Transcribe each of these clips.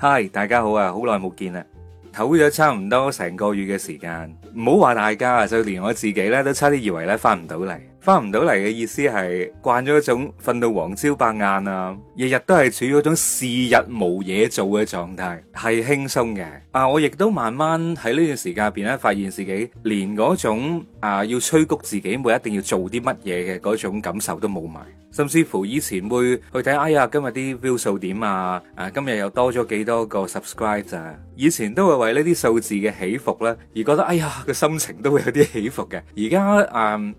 嗨，Hi，大家好啊，好耐冇見啦，唞咗差唔多成個月嘅時間，唔好話大家啊，就連我自己咧都差啲以為咧翻唔到嚟，翻唔到嚟嘅意思係慣咗一種瞓到黃朝白晏啊，天天日日都係處嗰種是日冇嘢做嘅狀態，係輕鬆嘅。啊，我亦都慢慢喺呢段時間入邊咧，發現自己連嗰種啊要催谷自己每一定要做啲乜嘢嘅嗰種感受都冇埋。甚至乎以前會去睇，哎呀，今日啲 view 數點啊，啊今日又多咗幾多個 subscribe 咋、啊？以前都會為呢啲數字嘅起伏咧，而覺得哎呀個心情都會有啲起伏嘅。而家誒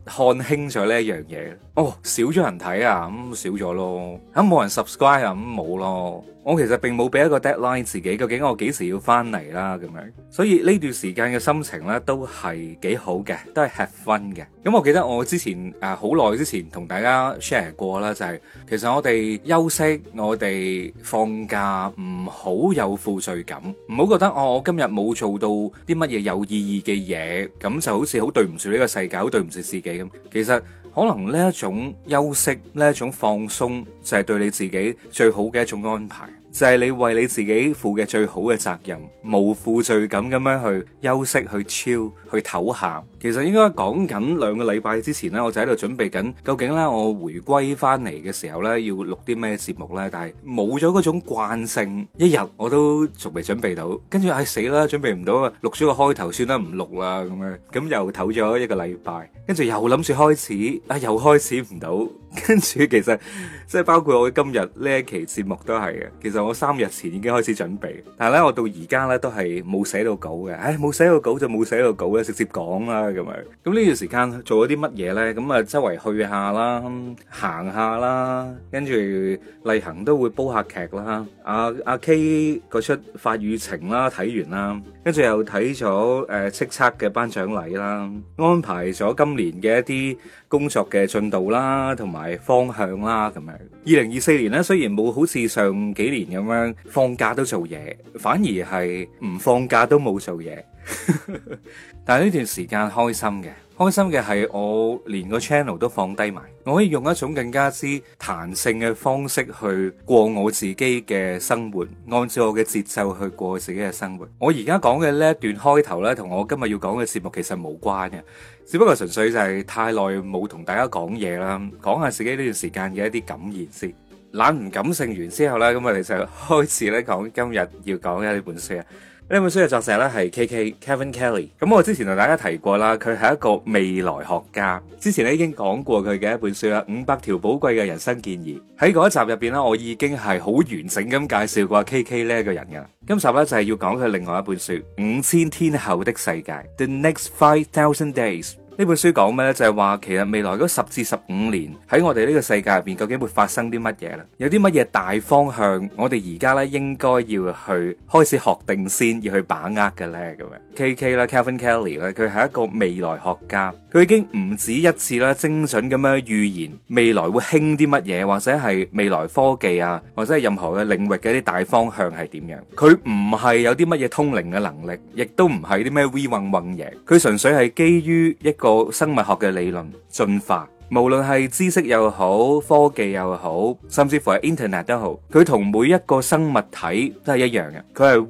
看輕咗呢一樣嘢，哦，少咗人睇啊，咁、嗯、少咗咯，咁、嗯、冇人 subscribe 啊，咁冇咯。我其實並冇俾一個 deadline 自己，究竟我幾時要翻嚟啦？咁樣，所以呢段時間嘅心情呢都係幾好嘅，都係 have fun 嘅。咁我記得我之前誒好耐之前同大家 share 過啦，就係、是、其實我哋休息、我哋放假唔好有負罪感，唔好覺得、哦、我今日冇做到啲乜嘢有意義嘅嘢，咁就好似好對唔住呢個世界，好對唔住自己咁。其實。可能呢一種休息，呢一種放鬆，就係對你自己最好嘅一種安排。就係你為你自己負嘅最好嘅責任，無負罪感咁樣去休息、去 chill、去唞下。其實應該講緊兩個禮拜之前呢，我就喺度準備緊，究竟呢，我回歸翻嚟嘅時候呢，要錄啲咩節目呢？但係冇咗嗰種慣性，一日我都仲未準備到，跟住唉，死啦，準備唔到啊！錄咗個開頭算啦，唔錄啦咁樣，咁又唞咗一個禮拜，跟住又諗住開始，啊、哎、又開始唔到。跟住，其實即係包括我今日呢一期節目都係嘅。其實我三日前已經開始準備，但係咧，我到而家咧都係冇寫到稿嘅。唉，冇寫到稿就冇寫到稿咧，直接講啦咁樣。咁呢段時間做咗啲乜嘢咧？咁啊，周圍去下啦，行下啦，跟住例行都會煲下劇啦。阿阿 K 個出《發與情》啦，睇完啦，跟住又睇咗誒《叱咤》嘅頒獎禮啦，安排咗今年嘅一啲工作嘅進度啦，同埋。係方向啦，咁樣。二零二四年咧，雖然冇好似上幾年咁樣放假都做嘢，反而係唔放假都冇做嘢， 但係呢段時間開心嘅。開心嘅係，我連個 channel 都放低埋，我可以用一種更加之彈性嘅方式去過我自己嘅生活，按照我嘅節奏去過自己嘅生活。我而家講嘅呢一段開頭咧，同我今日要講嘅節目其實冇關嘅，只不過純粹就係太耐冇同大家講嘢啦，講下自己呢段時間嘅一啲感言先，懶唔感性完之後咧，咁我哋就開始咧講今日要講嘅呢本書啊。呢本書嘅作者咧係 K K Kevin Kelly，咁我之前同大家提過啦，佢係一個未來學家。之前咧已經講過佢嘅一本書啦，《五百條寶貴嘅人生建議》。喺嗰一集入邊咧，我已經係好完整咁介紹過 K K 呢一個人噶。今集咧就係要講佢另外一本書《五千天後的世界》（The Next Five Thousand Days）。呢本書講咩咧？就係話其實未來嗰十至十五年喺我哋呢個世界入邊，究竟會發生啲乜嘢啦？有啲乜嘢大方向，我哋而家咧應該要去開始學定先，要去把握嘅咧咁樣。K K 啦，Kevin Kelly 啦，佢係一個未來學家，佢已經唔止一次啦，精準咁樣預言未來會興啲乜嘢，或者係未來科技啊，或者係任何嘅領域嘅啲大方向係點樣。佢唔係有啲乜嘢通靈嘅能力，亦都唔係啲咩 V 掹掹嘢，佢純粹係基於一個個生物學嘅理論進化。無論係知識又好，科技又好，甚至乎係 internet 都好，佢同每一個生物體都係一樣嘅，佢係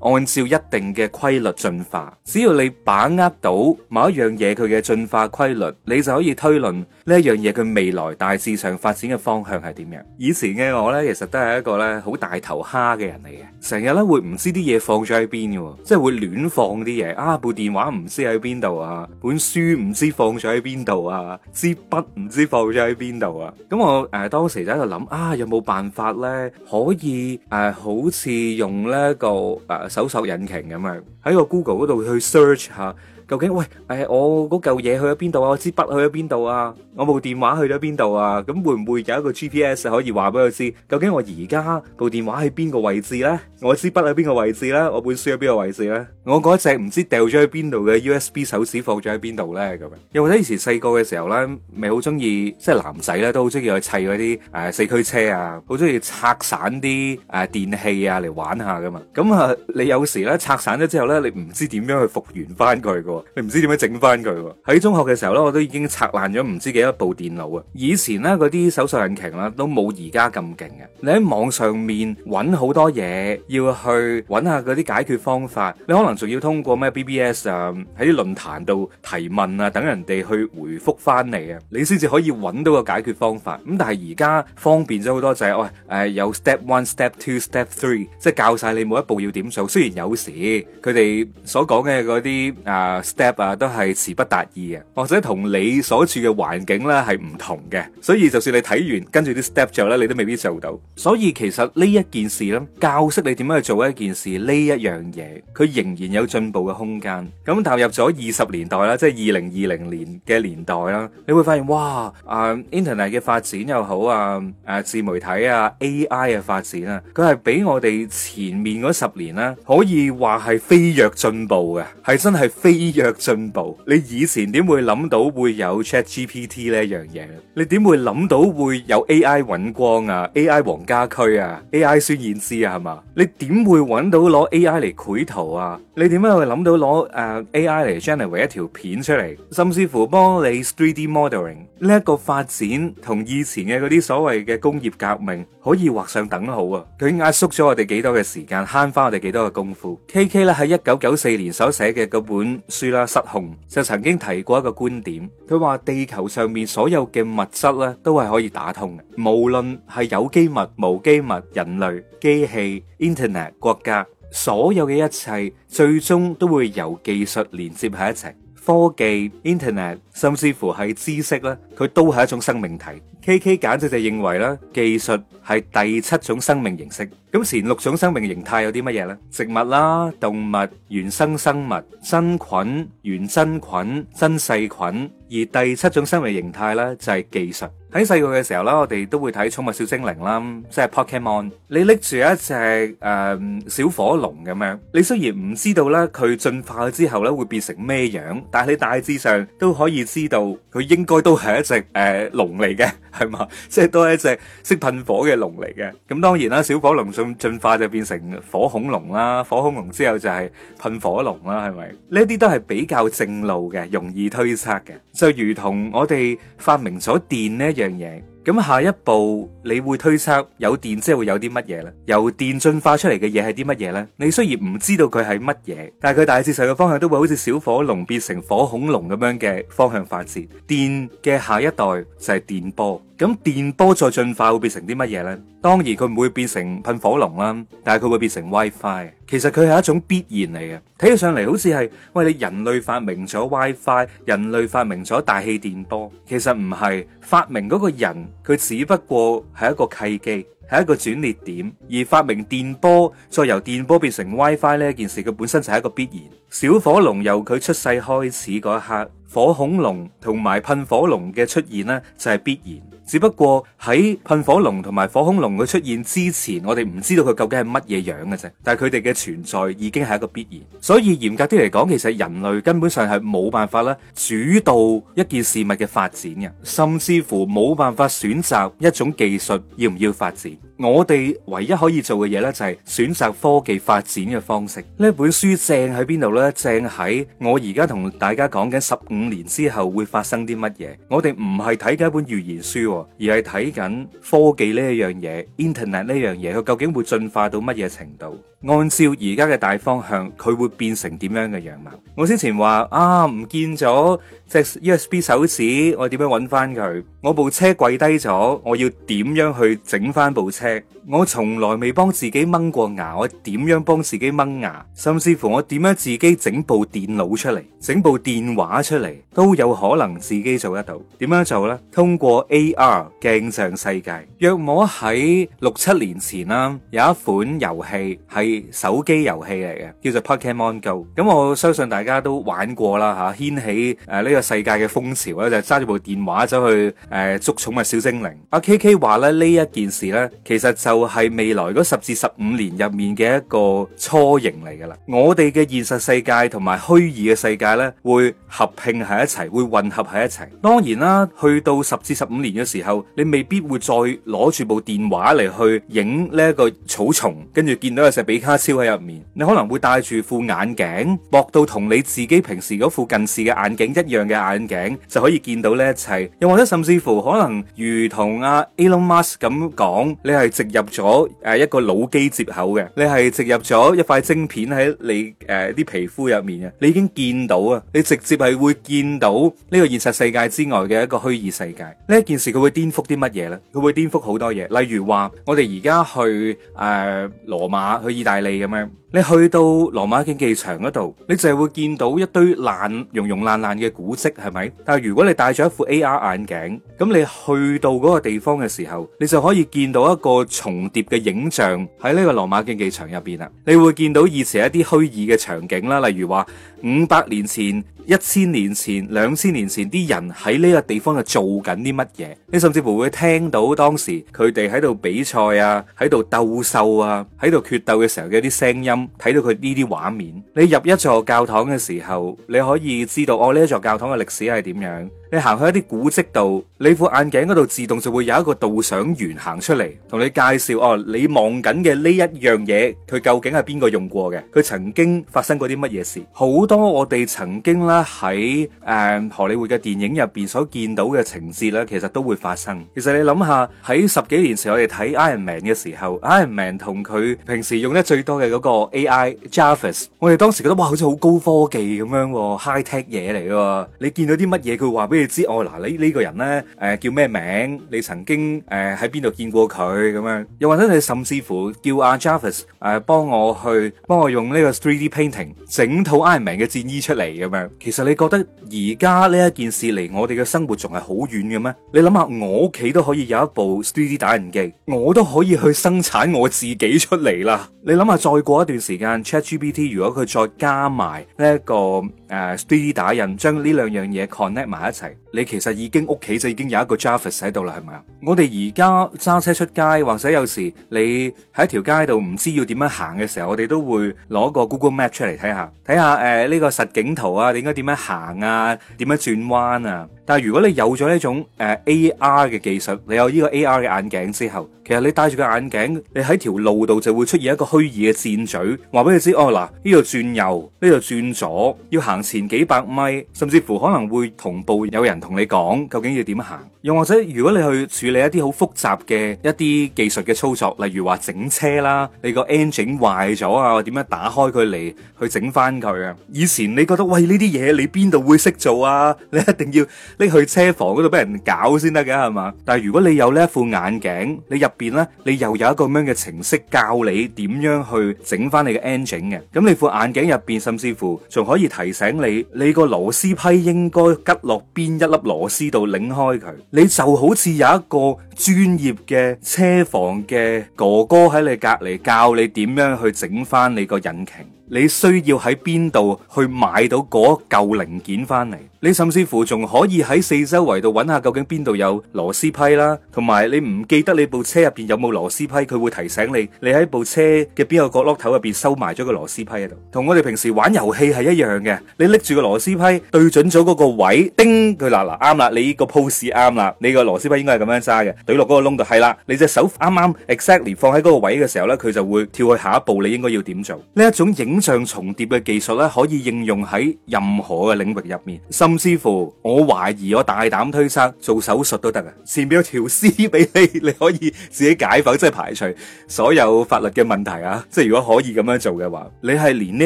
會按照一定嘅規律進化。只要你把握到某一樣嘢佢嘅進化規律，你就可以推論呢一樣嘢佢未來大致上發展嘅方向係點樣。以前嘅我呢，其實都係一個咧好大頭蝦嘅人嚟嘅，成日咧會唔知啲嘢放咗喺邊嘅，即係會亂放啲嘢。啊，部電話唔知喺邊度啊，本書唔知放咗喺邊度啊，支筆。唔 知放咗喺邊度啊！咁我誒、呃、當時就喺度諗啊，有冇辦法咧可以誒、呃，好似用呢、一個誒搜、呃、索引擎咁樣喺個 Google 嗰度去 search 下。究竟喂，誒，我嗰嚿嘢去咗邊度啊？我支筆去咗邊度啊？我部電話去咗邊度啊？咁會唔會有一個 GPS 可以話俾我知？究竟我而家部電話喺邊個位置呢？我支筆喺邊個位置呢？我本書喺邊個位置呢？我嗰隻唔知掉咗喺邊度嘅 USB 手指放咗喺邊度呢？咁樣又或者以前細個嘅時候呢，咪好中意即係男仔呢都好中意去砌嗰啲誒四驅車啊，好中意拆散啲誒電器啊嚟玩下噶嘛。咁啊，你有時呢拆散咗之後呢，你唔知點樣去復原翻佢噶。你唔知點樣整翻佢。喺中學嘅時候呢，我都已經拆爛咗唔知幾多部電腦啊！以前呢，嗰啲搜索引擎啦，都冇而家咁勁嘅。你喺網上面揾好多嘢，要去揾下嗰啲解決方法。你可能仲要通過咩 BBS 啊，喺啲論壇度提問啊，等人哋去回覆翻嚟，啊你先至可以揾到個解決方法。咁但係而家方便咗好多仔，喂、就、誒、是哎，有 step one、step two、step three，即係教晒你每一步要點做。雖然有時佢哋所講嘅嗰啲啊～step 啊，都係詞不達意嘅，或者同你所處嘅環境咧係唔同嘅，所以就算你睇完跟住啲 step 之後咧，你都未必做到。所以其實呢一件事咧，教識你點樣去做一件事呢一樣嘢，佢仍然有進步嘅空間。咁踏入咗二十年代啦，即係二零二零年嘅年代啦，你會發現哇，啊 internet 嘅發展又好啊，誒自媒體啊 AI 嘅發展啊，佢係比我哋前面嗰十年啦，可以話係飛躍進步嘅，係真係飛。若進步，你以前點會諗到會有 ChatGPT 呢一樣嘢？你點會諗到會有 AI 尹光啊？AI 黃家駒啊？AI 孫燕姿啊？係嘛、啊？你點會揾到攞 AI 嚟繪圖啊？你點解會諗到攞誒 AI 嚟 generate 一條片出嚟，甚至乎幫你 3D modelling 呢一個發展，同以前嘅嗰啲所謂嘅工業革命可以畫上等號啊！佢壓縮咗我哋幾多嘅時間，慳翻我哋幾多嘅功夫。KK 咧喺一九九四年所寫嘅嗰本書啦《失控》，就曾經提過一個觀點，佢話地球上面所有嘅物質咧都係可以打通嘅，無論係有機物、無機物、人類、機器、Internet、國家。所有嘅一切最終都會由技術連接喺一齊，科技、Internet，甚至乎係知識咧，佢都係一種生命體。KK 簡直就認為咧，技術係第七種生命形式。咁前六種生命形態有啲乜嘢呢？植物啦，動物、原生生物、真菌、原真菌、真細菌，而第七種生命形態咧就係、是、技術。喺細個嘅時候啦，我哋都會睇《寵物小精靈》啦，即係 Pokemon。你拎住一隻誒小火龍咁樣，你雖然唔知道咧佢進化之後咧會變成咩樣，但係你大致上都可以知道佢應該都係一隻誒龍嚟嘅，係嘛？即係都係一隻識噴火嘅龍嚟嘅。咁當然啦，小火龍進進化就變成火恐龍啦，火恐龍之後就係噴火龍啦，係咪？呢啲都係比較正路嘅，容易推測嘅。就如同我哋發明咗電呢一樣。樣嘢咁，下一步你會推測有電即係會有啲乜嘢呢？由電進化出嚟嘅嘢係啲乜嘢呢？你雖然唔知道佢係乜嘢，但係佢大致上嘅方向都會好似小火龍變成火恐龍咁樣嘅方向發展。電嘅下一代就係電波。咁電波再進化會變成啲乜嘢呢？當然佢唔會變成噴火龍啦，但係佢會變成 WiFi。其實佢係一種必然嚟嘅。睇起上嚟好似係喂，你人類發明咗 WiFi，人類發明咗大氣電波。其實唔係發明嗰個人，佢只不過係一個契機，係一個轉捩點。而發明電波再由電波變成 WiFi 呢件事，佢本身就係一個必然。小火龍由佢出世開始嗰一刻，火恐龍同埋噴火龍嘅出現呢，就係必然。只不過喺噴火龍同埋火恐龍佢出現之前，我哋唔知道佢究竟係乜嘢樣嘅啫。但係佢哋嘅存在已經係一個必然。所以嚴格啲嚟講，其實人類根本上係冇辦法咧主導一件事物嘅發展嘅，甚至乎冇辦法選擇一種技術要唔要發展。我哋唯一可以做嘅嘢呢，就係選擇科技發展嘅方式。呢本書正喺邊度呢？正喺我而家同大家講緊十五年之後會發生啲乜嘢？我哋唔係睇緊一本預言書，而係睇緊科技呢一樣嘢，Internet 呢樣嘢，佢究竟會進化到乜嘢程度？按照而家嘅大方向，佢會變成點樣嘅樣貌？我先前話啊，唔見咗隻 USB 手指，我點樣揾翻佢？我部車跪低咗，我要點樣去整翻部車？我從來未幫自己掹過牙，我點樣幫自己掹牙？甚至乎我點樣自己整部電腦出嚟，整部電話出嚟都有可能自己做得到。點樣做呢？通過 A.R. 鏡像世界，若我喺六七年前啦，有一款遊戲係手機遊戲嚟嘅，叫做 Pokemon Go。咁我相信大家都玩過啦吓，啊，掀起，誒呢、呃呢個世界嘅風潮咧，就揸住部電話走去誒、呃、捉寵物小精靈。阿、啊、K K 話咧呢一件事呢，其實就。就係未來嗰十至十五年入面嘅一個雛形嚟噶啦，我哋嘅現實世界同埋虛擬嘅世界咧，會合併喺一齊，會混合喺一齊。當然啦，去到十至十五年嘅時候，你未必會再攞住部電話嚟去影呢個草叢，跟住見到有隻比卡超喺入面。你可能會戴住副眼鏡，薄到同你自己平時嗰副近視嘅眼鏡一樣嘅眼鏡，就可以見到呢一切。又或者甚至乎可能，如同阿 Elon Musk 咁講，你係直入。咗誒一個腦機接口嘅，你係植入咗一塊晶片喺你誒啲、呃、皮膚入面啊，你已經見到啊，你直接係會見到呢個現實世界之外嘅一個虛擬世界。呢一件事佢會顛覆啲乜嘢呢？佢會顛覆好多嘢，例如話我哋而家去誒、呃、羅馬去意大利咁樣。你去到羅馬競技場嗰度，你就係會見到一堆爛融融爛爛嘅古蹟，係咪？但係如果你戴咗一副 AR 眼鏡，咁你去到嗰個地方嘅時候，你就可以見到一個重疊嘅影像喺呢個羅馬競技場入邊啦。你會見到以前一啲虛擬嘅場景啦，例如話。五百年前、一千年前、兩千年前，啲人喺呢個地方啊做緊啲乜嘢？你甚至乎會聽到當時佢哋喺度比賽啊，喺度鬥獸啊，喺度決鬥嘅時候嘅啲聲音，睇到佢呢啲畫面。你入一座教堂嘅時候，你可以知道我呢一座教堂嘅歷史係點樣。你行去一啲古蹟度，你副眼鏡嗰度自動就會有一個導賞員行出嚟，同你介紹哦。你望緊嘅呢一樣嘢，佢究竟係邊個用過嘅？佢曾經發生過啲乜嘢事？好多我哋曾經咧喺誒荷里活嘅電影入邊所見到嘅情節咧，其實都會發生。其實你諗下，喺十幾年前我哋睇 Iron Man 嘅時候，Iron Man 同佢平時用得最多嘅嗰個 AI Jarvis，我哋當時覺得哇好似好高科技咁樣，high tech 嘢嚟嘅。你見到啲乜嘢佢話俾你？你知外，嗱你呢個人呢，誒、呃、叫咩名？你曾經誒喺邊度見過佢咁樣？又或者你甚至乎叫阿、啊、Javis 誒、呃，幫我去，幫我用呢個 3D painting 整套 Iron Man 嘅戰衣出嚟咁樣。其實你覺得而家呢一件事離，我哋嘅生活仲係好遠嘅咩？你諗下，我屋企都可以有一部 3D 打印機，我都可以去生產我自己出嚟啦。你諗下，再過一段時間，ChatGPT 如果佢再加埋呢一個。誒，3D、uh, 打印將呢兩樣嘢 connect 埋一齊，你其實已經屋企就已經有一個 Jarvis 喺度啦，係咪啊？我哋而家揸車出街，或者有時你喺條街度唔知要點樣行嘅時候，我哋都會攞個 Google Map 出嚟睇下，睇下誒呢、uh, 個實景圖啊，你應該點樣行啊，點樣轉彎啊？但係如果你有咗呢種誒、uh, AR 嘅技術，你有呢個 AR 嘅眼鏡之後，其實你戴住個眼鏡，你喺條路度就會出現一個虛擬嘅箭嘴，話俾你知哦嗱，呢度轉右，呢度轉左，要行。前幾百米，甚至乎可能會同步有人同你講究竟要點行，又或者如果你去處理一啲好複雜嘅一啲技術嘅操作，例如話整車啦，你個 engine 壞咗啊，點樣打開佢嚟去整翻佢啊？以前你覺得喂呢啲嘢你邊度會識做啊？你一定要搦去車房嗰度俾人搞先得㗎係嘛？但係如果你有呢一副眼鏡，你入邊呢，你又有一個咁樣嘅程式教你點樣去整翻你嘅 engine 嘅，咁你副眼鏡入邊甚至乎仲可以提醒。請你，你個螺絲批應該吉落邊一粒螺絲度擰開佢。你就好似有一個專業嘅車房嘅哥哥喺你隔籬教你點樣去整翻你個引擎。你需要喺邊度去買到嗰嚿零件翻嚟？你甚至乎仲可以喺四周圍度揾下究竟邊度有螺絲批啦，同埋你唔記得你部車入邊有冇螺絲批，佢會提醒你，你喺部車嘅邊個角落頭入邊收埋咗個螺絲批喺度。同我哋平時玩遊戲係一樣嘅，你拎住個螺絲批對準咗嗰個位，叮佢啦，嗱啱啦，你呢個 pose 啱啦，你個螺絲批應該係咁樣揸嘅，懟落嗰個窿就係啦，你隻手啱啱 exactly 放喺嗰個位嘅時候呢，佢就會跳去下一步你應該要點做。呢一種影像重疊嘅技術呢，可以應用喺任何嘅領域入面，甚。咁似乎我懷疑我大膽推測做手術都得啊，前面有條絲俾你，你可以自己解剖，即係排除所有法律嘅問題啊！即係如果可以咁樣做嘅話，你係連呢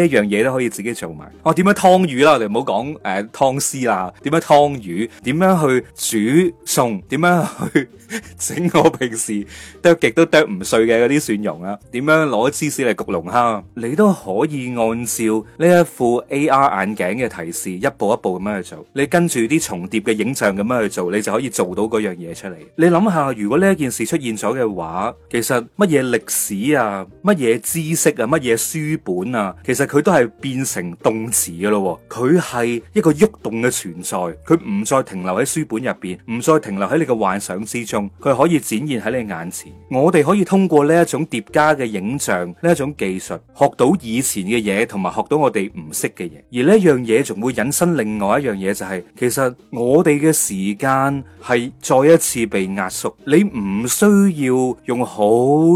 樣嘢都可以自己做埋。哦、啊，點樣湯魚啦？你唔好講誒湯絲啦，點、呃、樣湯魚？點樣去煮餸？點樣去整我平時剁極都剁唔碎嘅嗰啲蒜蓉啦？點樣攞芝士嚟焗龍蝦？你都可以按照呢一副 A.R. 眼鏡嘅提示，一步一步咁樣去做。你跟住啲重疊嘅影像咁樣去做，你就可以做到嗰樣嘢出嚟。你諗下，如果呢一件事出現咗嘅話，其實乜嘢歷史啊，乜嘢知識啊，乜嘢書本啊，其實佢都係變成動詞嘅咯。佢係一個喐動嘅存在，佢唔再停留喺書本入邊，唔再停留喺你嘅幻想之中，佢可以展現喺你眼前。我哋可以通過呢一種疊加嘅影像，呢一種技術，學到以前嘅嘢，同埋學到我哋唔識嘅嘢。而呢一樣嘢仲會引申另外一樣。嘢就係，其實我哋嘅時間係再一次被壓縮，你唔需要用好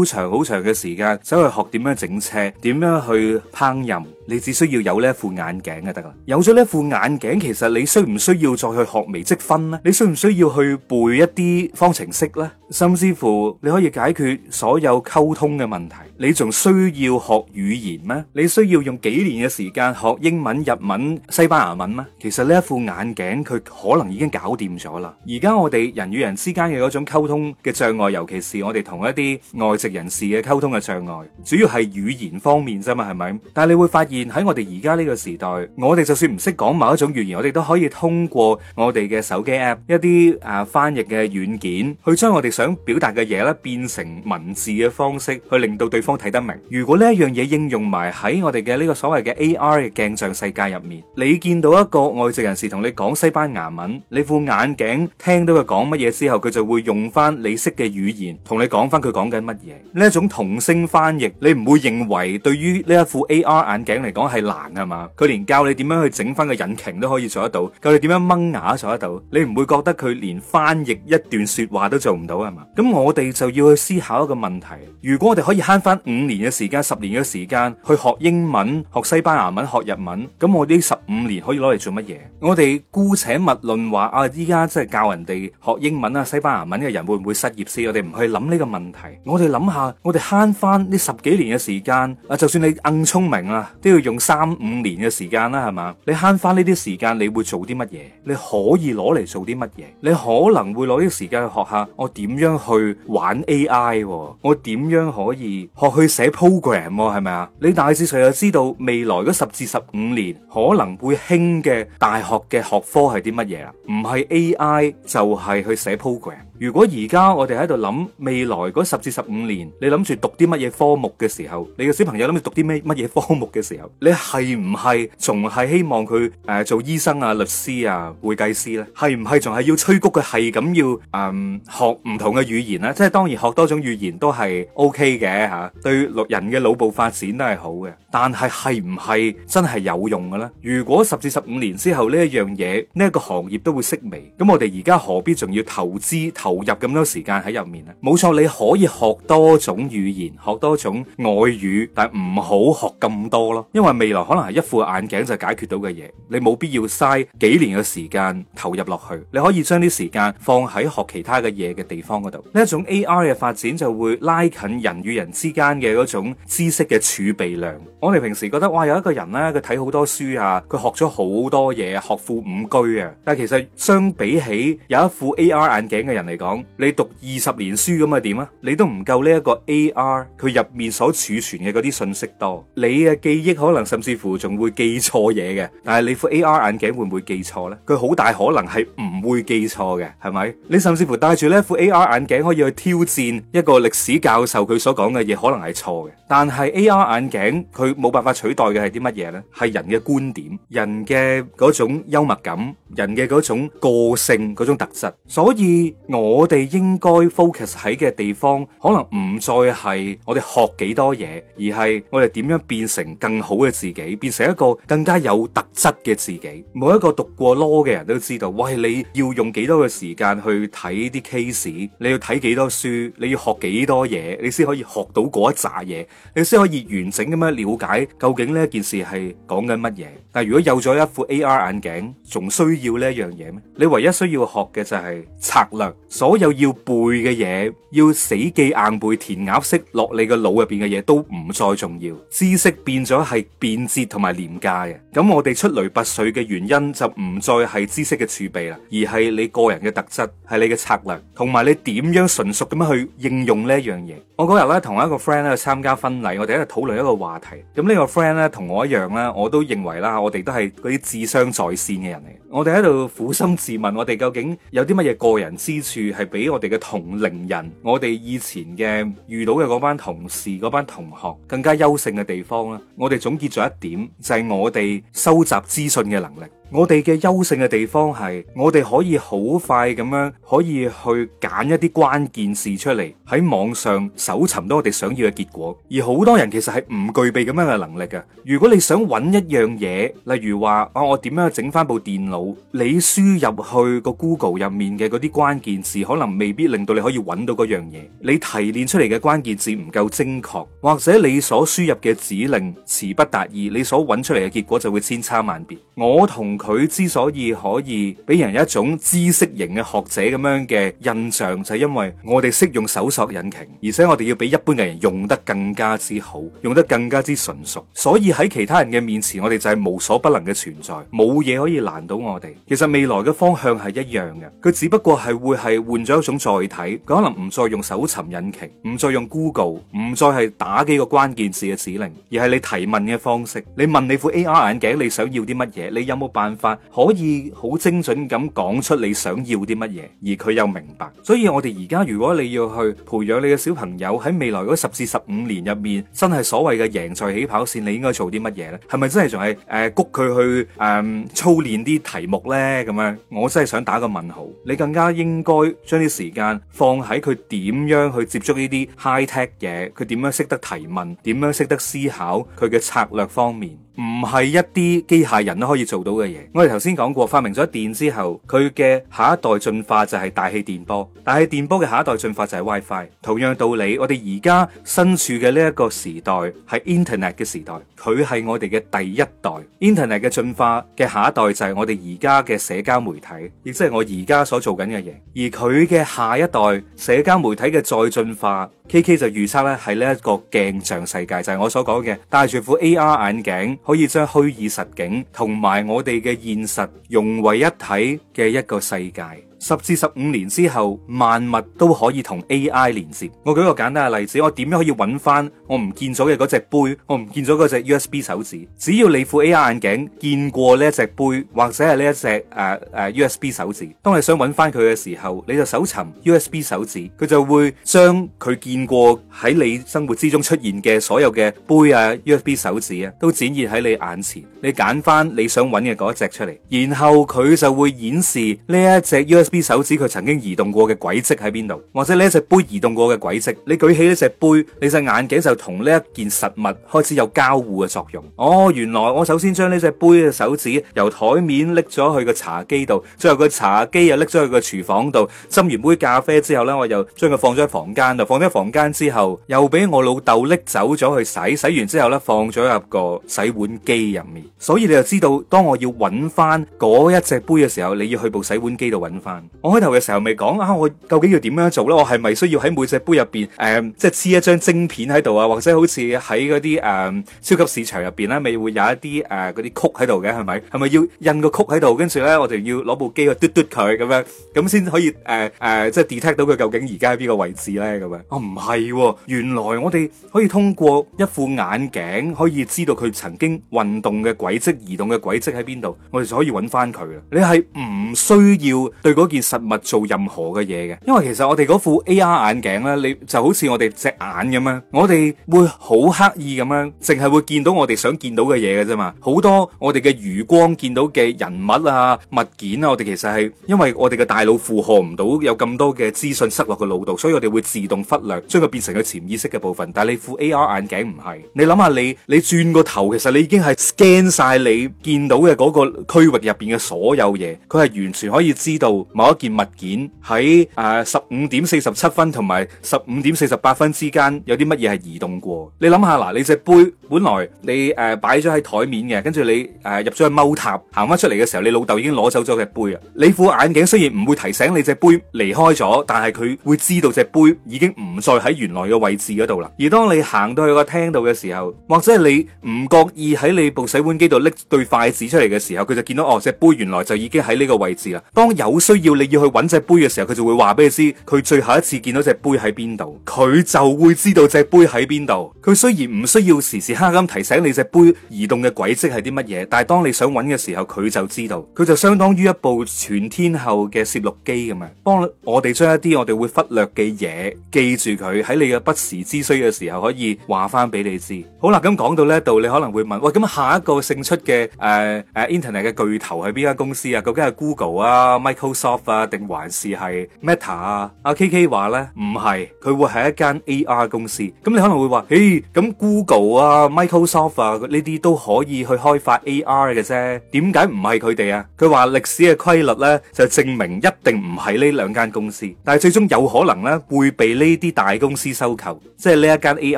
長好長嘅時間走去學點樣整車，點樣去烹飪。你只需要有呢一副眼鏡就得啦，有咗呢副眼鏡，其實你需唔需要再去學微積分咧？你需唔需要去背一啲方程式咧？甚至乎你可以解決所有溝通嘅問題。你仲需要學語言咩？你需要用幾年嘅時間學英文、日文、西班牙文咩？其實呢一副眼鏡，佢可能已經搞掂咗啦。而家我哋人與人之間嘅嗰種溝通嘅障礙，尤其是我哋同一啲外籍人士嘅溝通嘅障礙，主要係語言方面啫嘛，係咪？但係你會發現。而喺我哋而家呢個時代，我哋就算唔識講某一種語言，我哋都可以通過我哋嘅手機 App 一啲誒翻譯嘅軟件，去將我哋想表達嘅嘢咧變成文字嘅方式，去令到對方睇得明。如果呢一樣嘢應用埋喺我哋嘅呢個所謂嘅 AR 嘅鏡像世界入面，你見到一個外籍人士同你講西班牙文，你副眼鏡聽到佢講乜嘢之後，佢就會用翻你識嘅語言同你講翻佢講緊乜嘢。呢一種同聲翻譯，你唔會認為對於呢一副 AR 眼鏡，嚟講係難啊嘛，佢連教你點樣去整翻個引擎都可以做得到，教你點樣掹牙做得到，你唔會覺得佢連翻譯一段說話都做唔到係嘛？咁我哋就要去思考一個問題。如果我哋可以慳翻五年嘅時間，十年嘅時間去學英文、學西班牙文、學日文，咁我呢十五年可以攞嚟做乜嘢？我哋姑且勿論話啊，依家真係教人哋學英文啊、西班牙文嘅人會唔會失業先？我哋唔去諗呢個問題，我哋諗下，我哋慳翻呢十幾年嘅時間啊，就算你硬聰明啊，要用三五年嘅時間啦，係嘛？你慳翻呢啲時間，你會做啲乜嘢？你可以攞嚟做啲乜嘢？你可能會攞啲時間去學下我點樣去玩 AI，我點樣可以學去寫 program，係咪啊？你大致上又知道未來十至十五年可能會興嘅大學嘅學科係啲乜嘢啦？唔係 AI 就係去寫 program。如果而家我哋喺度諗未來嗰十至十五年，你諗住讀啲乜嘢科目嘅時候，你嘅小朋友諗住讀啲咩乜嘢科目嘅時候，你係唔係仲係希望佢誒做醫生啊、律師啊、會計師咧？係唔係仲係要催谷佢係咁要嗯學唔同嘅語言咧？即係當然學多種語言都係 OK 嘅吓，對人嘅腦部發展都係好嘅。但係係唔係真係有用嘅咧？如果十至十五年之後呢一樣嘢，呢一個行業都會式微，咁我哋而家何必仲要投資？投入咁多時間喺入面啊，冇錯，你可以學多種語言，學多種外語，但係唔好學咁多咯，因為未來可能係一副眼鏡就解決到嘅嘢，你冇必要嘥幾年嘅時間投入落去，你可以將啲時間放喺學其他嘅嘢嘅地方嗰度。呢一種 AR 嘅發展就會拉近人與人之間嘅嗰種知識嘅儲備量。我哋平時覺得哇，有一個人咧，佢睇好多書啊，佢學咗好多嘢，學富五車啊，但係其實相比起有一副 AR 眼鏡嘅人嚟講，你讀二十年書咁係點啊？你都唔夠呢一個 A R 佢入面所儲存嘅嗰啲信息多。你嘅記憶可能甚至乎仲會記錯嘢嘅。但係你副 A R 眼鏡會唔會記錯呢？佢好大可能係唔會記錯嘅，係咪？你甚至乎戴住呢副 A R 眼鏡可以去挑戰一個歷史教授佢所講嘅嘢，可能係錯嘅。但係 A R 眼鏡佢冇辦法取代嘅係啲乜嘢呢？係人嘅觀點、人嘅嗰種幽默感、人嘅嗰種個性、嗰種特質。所以我。我哋應該 focus 喺嘅地方，可能唔再係我哋學幾多嘢，而係我哋點樣變成更好嘅自己，變成一個更加有特質嘅自己。每一個讀過 law 嘅人都知道，喂，你要用幾多嘅時間去睇啲 case，你要睇幾多書，你要學幾多嘢，你先可以學到嗰一紮嘢，你先可以完整咁樣了解究竟呢件事係講緊乜嘢。但如果有咗一副 AR 眼鏡，仲需要呢樣嘢咩？你唯一需要學嘅就係策略，所有要背嘅嘢，要死記硬背填鴨式落你個腦入邊嘅嘢都唔再重要，知識變咗係便捷同埋廉價嘅。咁我哋出類拔萃嘅原因就唔再係知識嘅儲備啦，而係你個人嘅特質，係你嘅策略，同埋你點樣純熟咁樣去應用呢一樣嘢。我嗰日咧同一個 friend 咧去參加婚禮，我哋喺度討論一個話題，咁呢個 friend 咧同我一樣啦，我都認為啦。我哋都係嗰啲智商在線嘅人嚟，我哋喺度苦心自問，我哋究竟有啲乜嘢個人之處係比我哋嘅同齡人、我哋以前嘅遇到嘅嗰班同事、嗰班同學更加優勝嘅地方咧？我哋總結咗一點，就係我哋收集資訊嘅能力。我哋嘅優勝嘅地方係，我哋可以好快咁樣可以去揀一啲關鍵字出嚟喺網上搜尋到我哋想要嘅結果。而好多人其實係唔具備咁樣嘅能力嘅。如果你想揾一樣嘢，例如話啊，我點樣整翻部電腦？你輸入去個 Google 入面嘅嗰啲關鍵字，可能未必令到你可以揾到嗰樣嘢。你提煉出嚟嘅關鍵字唔夠精確，或者你所輸入嘅指令詞不達意，你所揾出嚟嘅結果就會千差萬別。我同佢之所以可以俾人一種知識型嘅學者咁樣嘅印象，就係因為我哋識用搜索引擎，而且我哋要比一般嘅人用得更加之好，用得更加之純熟。所以喺其他人嘅面前，我哋就係無所不能嘅存在，冇嘢可以難到我哋。其實未來嘅方向係一樣嘅，佢只不過係會係換咗一種載體，佢可能唔再用搜尋引擎，唔再用 Google，唔再係打幾個關鍵字嘅指令，而係你提問嘅方式。你問你副 AR 眼鏡，你想要啲乜嘢？你有冇辦法可以好精準咁講出你想要啲乜嘢，而佢又明白。所以我哋而家如果你要去培養你嘅小朋友喺未來嗰十至十五年入面，真係所謂嘅贏在起跑線，你應該做啲乜嘢呢？係咪真係仲係誒谷佢去誒、呃、操練啲題目呢？咁樣我真係想打個問號。你更加應該將啲時間放喺佢點樣去接觸呢啲 high tech 嘢，佢點樣識得提問，點樣識得思考佢嘅策略方面。唔係一啲機械人都可以做到嘅嘢。我哋頭先講過，發明咗電之後，佢嘅下一代進化就係大氣電波。大氣電波嘅下一代進化就係 WiFi。同樣道理，我哋而家身處嘅呢一個時代係 Internet 嘅時代。佢係我哋嘅第一代，Internet 嘅進化嘅下一代就係我哋而家嘅社交媒體，亦即係我而家所做緊嘅嘢。而佢嘅下一代社交媒體嘅再進化，KK 就預測咧係呢一個鏡像世界，就係我所講嘅戴住副 AR 眼鏡，可以將虛擬實境同埋我哋嘅現實融為一體嘅一個世界。十至十五年之後，萬物都可以同 AI 連接。我舉一個簡單嘅例子，我點樣可以揾翻我唔見咗嘅嗰隻杯，我唔見咗嗰隻 USB 手指？只要你副 AR 眼鏡見過呢一隻杯，或者係呢一隻誒誒、啊啊、USB 手指，當你想揾翻佢嘅時候，你就搜尋 USB 手指，佢就會將佢見過喺你生活之中出現嘅所有嘅杯啊 USB 手指啊，都展現喺你眼前。你揀翻你想揾嘅嗰一隻出嚟，然後佢就會顯示呢一隻 USB。啲手指佢曾經移動過嘅軌跡喺邊度，或者呢一隻杯移動過嘅軌跡，你舉起呢隻杯，你隻眼鏡就同呢一件實物開始有交互嘅作用。哦，原來我首先將呢隻杯嘅手指由枱面拎咗去個茶几度，最後個茶几又拎咗去個廚房度。斟完杯咖啡之後呢，我又將佢放咗喺房間度，放咗喺房間之後又俾我老豆拎走咗去洗，洗完之後呢，放咗入個洗碗機入面。所以你就知道，當我要揾翻嗰一隻杯嘅時候，你要去部洗碗機度揾翻。我開頭嘅時候咪講啊，我究竟要點樣做咧？我係咪需要喺每隻杯入邊誒，即係黐一張晶片喺度啊？或者好似喺嗰啲誒超級市場入邊咧，咪會有一啲誒嗰啲曲喺度嘅？係咪？係咪要印個曲喺度，跟住咧我哋要攞部機去嘟嘟佢咁樣，咁先可以誒誒，即係 detect 到佢究竟而家喺邊個位置咧？咁樣哦，唔係、哦，原來我哋可以通過一副眼鏡可以知道佢曾經運動嘅軌跡、移動嘅軌跡喺邊度，我哋就可以揾翻佢啦。你係唔需要對嗰？件實物做任何嘅嘢嘅，因為其實我哋嗰副 AR 眼鏡呢，你就好似我哋隻眼咁樣，我哋會好刻意咁樣，淨係會見到我哋想見到嘅嘢嘅啫嘛。好多我哋嘅餘光見到嘅人物啊、物件啊，我哋其實係因為我哋嘅大腦負荷唔到有咁多嘅資訊塞落個腦度，所以我哋會自動忽略，將佢變成個潛意識嘅部分。但係你副 AR 眼鏡唔係，你諗下你你轉個頭，其實你已經係 scan 晒你見到嘅嗰個區域入邊嘅所有嘢，佢係完全可以知道。某一件物件喺誒十五點四十七分同埋十五點四十八分之間有啲乜嘢係移動過？你諗下嗱，你隻杯本來你誒擺咗喺枱面嘅，跟住你誒、呃、入咗去踎塔，行返出嚟嘅時候，你老豆已經攞走咗隻杯啊！你副眼鏡雖然唔會提醒你隻杯離開咗，但係佢會知道隻杯已經唔再喺原來嘅位置嗰度啦。而當你行到去個廳度嘅時候，或者係你唔覺意喺你部洗碗機度拎對筷子出嚟嘅時候，佢就見到哦，隻杯原來就已經喺呢個位置啦。當有需要要你要去揾隻杯嘅時候，佢就會話俾你知佢最後一次見到隻杯喺邊度，佢就會知道隻杯喺邊度。佢雖然唔需要時時刻刻咁提醒你隻杯移動嘅軌跡係啲乜嘢，但係當你想揾嘅時候，佢就知道，佢就相當於一部全天候嘅攝錄機咁樣，幫我哋將一啲我哋會忽略嘅嘢記住佢，喺你嘅不時之需嘅時候可以話翻俾你知。好啦，咁講到呢度，你可能會問，喂，咁下一個勝出嘅誒誒、呃啊、Internet 嘅巨頭係邊間公司啊？究竟係 Google 啊、Microsoft？定還是係 Meta 啊？阿 KK 話呢，唔係，佢會係一間 AR 公司。咁你可能會話，咦？咁 Google 啊、Microsoft 啊呢啲都可以去開發 AR 嘅啫，點解唔係佢哋啊？佢話歷史嘅規律呢，就證明一定唔係呢兩間公司，但係最終有可能呢會被呢啲大公司收購，即係呢一間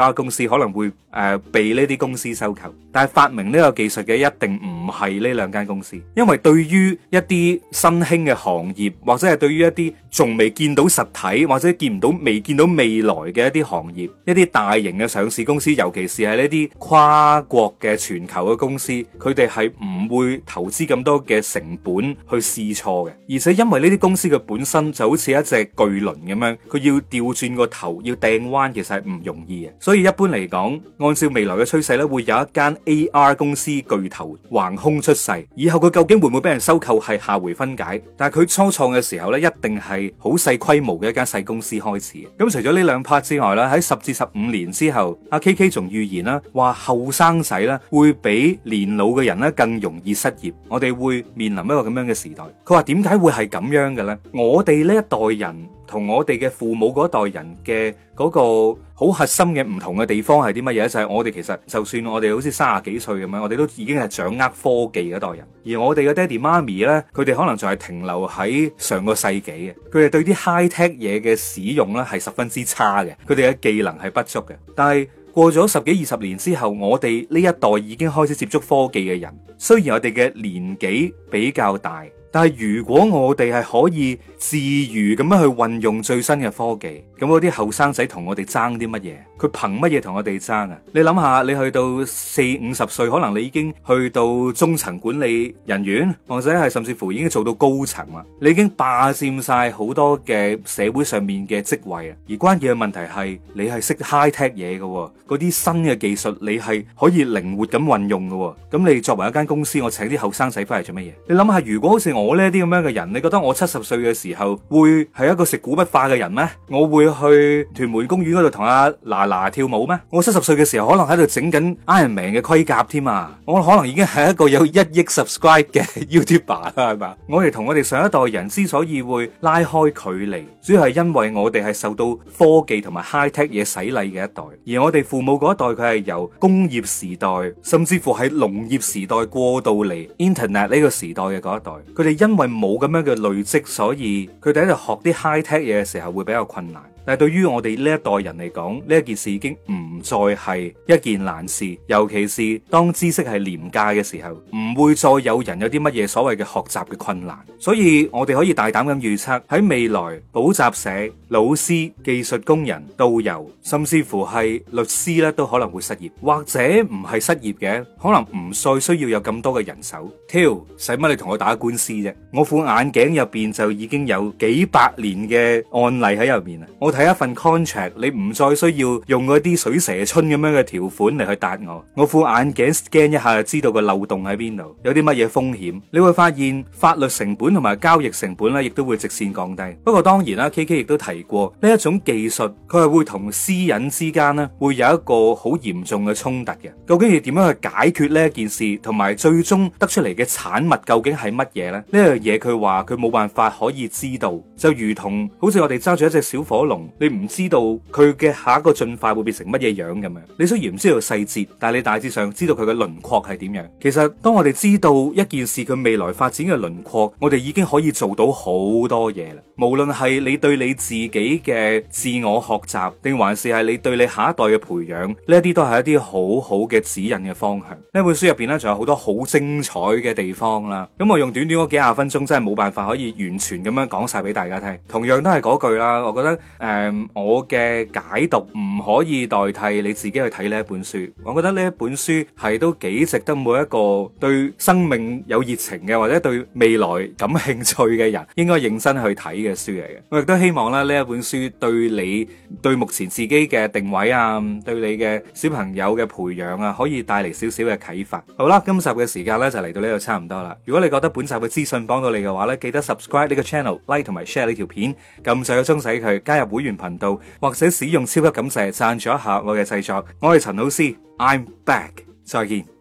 AR 公司可能會誒被呢啲公司收購，但係發明呢個技術嘅一定唔係呢兩間公司，因為對於一啲新興嘅行業，或者係對於一啲仲未見到實體或者見唔到未見到未來嘅一啲行業，一啲大型嘅上市公司，尤其是係呢啲跨國嘅全球嘅公司，佢哋係唔會投資咁多嘅成本去試錯嘅。而且因為呢啲公司嘅本身就好似一隻巨輪咁樣，佢要調轉個頭要掟彎，其實係唔容易嘅。所以一般嚟講，按照未來嘅趨勢咧，會有一間 AR 公司巨頭橫空出世。以後佢究竟會唔會俾人收購，係下回分解。但係佢初創嘅時候呢，一定係好細規模嘅一間細公司開始。咁除咗呢兩 part 之外啦，喺十至十五年之後，阿 KK 仲預言啦，話後生仔呢會比年老嘅人呢更容易失業，我哋會面臨一個咁樣嘅時代。佢話點解會係咁樣嘅呢？我哋呢一代人。同我哋嘅父母嗰代人嘅嗰個好核心嘅唔同嘅地方係啲乜嘢？就係、是、我哋其實就算我哋好似三十幾歲咁樣，我哋都已經係掌握科技嗰代人。而我哋嘅爹哋媽咪咧，佢哋可能就係停留喺上個世紀嘅，佢哋對啲 high tech 嘢嘅使用咧係十分之差嘅，佢哋嘅技能係不足嘅。但係過咗十幾二十年之後，我哋呢一代已經開始接觸科技嘅人，雖然我哋嘅年紀比較大。但係，如果我哋係可以自如咁樣去運用最新嘅科技。咁嗰啲後生仔同我哋爭啲乜嘢？佢憑乜嘢同我哋爭啊？你諗下，你去到四五十歲，可能你已經去到中層管理人員，或者係甚至乎已經做到高層啦。你已經霸佔晒好多嘅社會上面嘅職位啊！而關鍵嘅問題係，你係識 high tech 嘢嘅，嗰啲新嘅技術你係可以靈活咁運用嘅。咁你作為一間公司，我請啲後生仔翻嚟做乜嘢？你諗下，如果好似我呢啲咁樣嘅人，你覺得我七十歲嘅時候會係一個食古不化嘅人咩？我會。要去屯門公園嗰度同阿娜娜跳舞咩？我七十歲嘅時候可能喺度整緊 Iron Man 嘅盔甲添啊！我可能已經係一個有一億 subscribe 嘅 YouTuber 啦，係嘛？我哋同我哋上一代人之所以會拉開距離，主要係因為我哋係受到科技同埋 High Tech 嘢洗禮嘅一代，而我哋父母嗰一代佢係由工業時代，甚至乎喺農業時代過渡嚟 Internet 呢個時代嘅嗰一代，佢哋因為冇咁樣嘅累積，所以佢哋喺度學啲 High Tech 嘢嘅時候會比較困難。但係對於我哋呢一代人嚟講，呢一件事已經唔再係一件難事，尤其是當知識係廉價嘅時候，唔會再有人有啲乜嘢所謂嘅學習嘅困難。所以我哋可以大膽咁預測喺未來，補習社、老師、技術工人、導遊，甚至乎係律師咧，都可能會失業，或者唔係失業嘅，可能唔再需要有咁多嘅人手。挑，使乜你同我打官司啫？我副眼鏡入邊就已經有幾百年嘅案例喺入面啦，我。睇一份 contract，你唔再需要用嗰啲水蛇春咁樣嘅條款嚟去答我。我副眼鏡 scan 一下就知道個漏洞喺邊度，有啲乜嘢風險。你會發現法律成本同埋交易成本咧，亦都會直線降低。不過當然啦，KK 亦都提過呢一種技術，佢係會同私隱之間咧，會有一個好嚴重嘅衝突嘅。究竟要點樣去解決呢一件事，同埋最終得出嚟嘅產物究竟係乜嘢咧？呢樣嘢佢話佢冇辦法可以知道，就如同好似我哋揸住一隻小火龍，你唔知道佢嘅下一個進化會變成乜嘢樣咁樣，你雖然唔知道細節，但係你大致上知道佢嘅輪廓係點樣。其實當我哋知道一件事佢未來發展嘅輪廓，我哋已經可以做到好多嘢啦。無論係你對你自己嘅自我學習，定還是係你對你下一代嘅培養，呢一啲都係一啲好好嘅指引嘅方向。呢本書入邊呢，仲有好多好精彩嘅地方啦。咁我用短短嗰幾廿分鐘，真係冇辦法可以完全咁樣講晒俾大家聽。同樣都係嗰句啦，我覺得誒。呃誒，我嘅解讀唔可以代替你自己去睇呢一本書。我覺得呢一本書係都幾值得每一個對生命有熱情嘅，或者對未來感興趣嘅人應該認真去睇嘅書嚟嘅。我亦都希望咧，呢一本書對你對目前自己嘅定位啊，對你嘅小朋友嘅培養啊，可以帶嚟少少嘅啟發。好啦，今集嘅時間咧就嚟到呢度差唔多啦。如果你覺得本集嘅資訊幫到你嘅話咧，記得 subscribe 呢個 channel，like 同埋 share 呢條片，撳上個鐘仔佢加入會員。原頻道或者使用超級感謝贊助一下我嘅製作，我係陳老 C，I'm back，再見。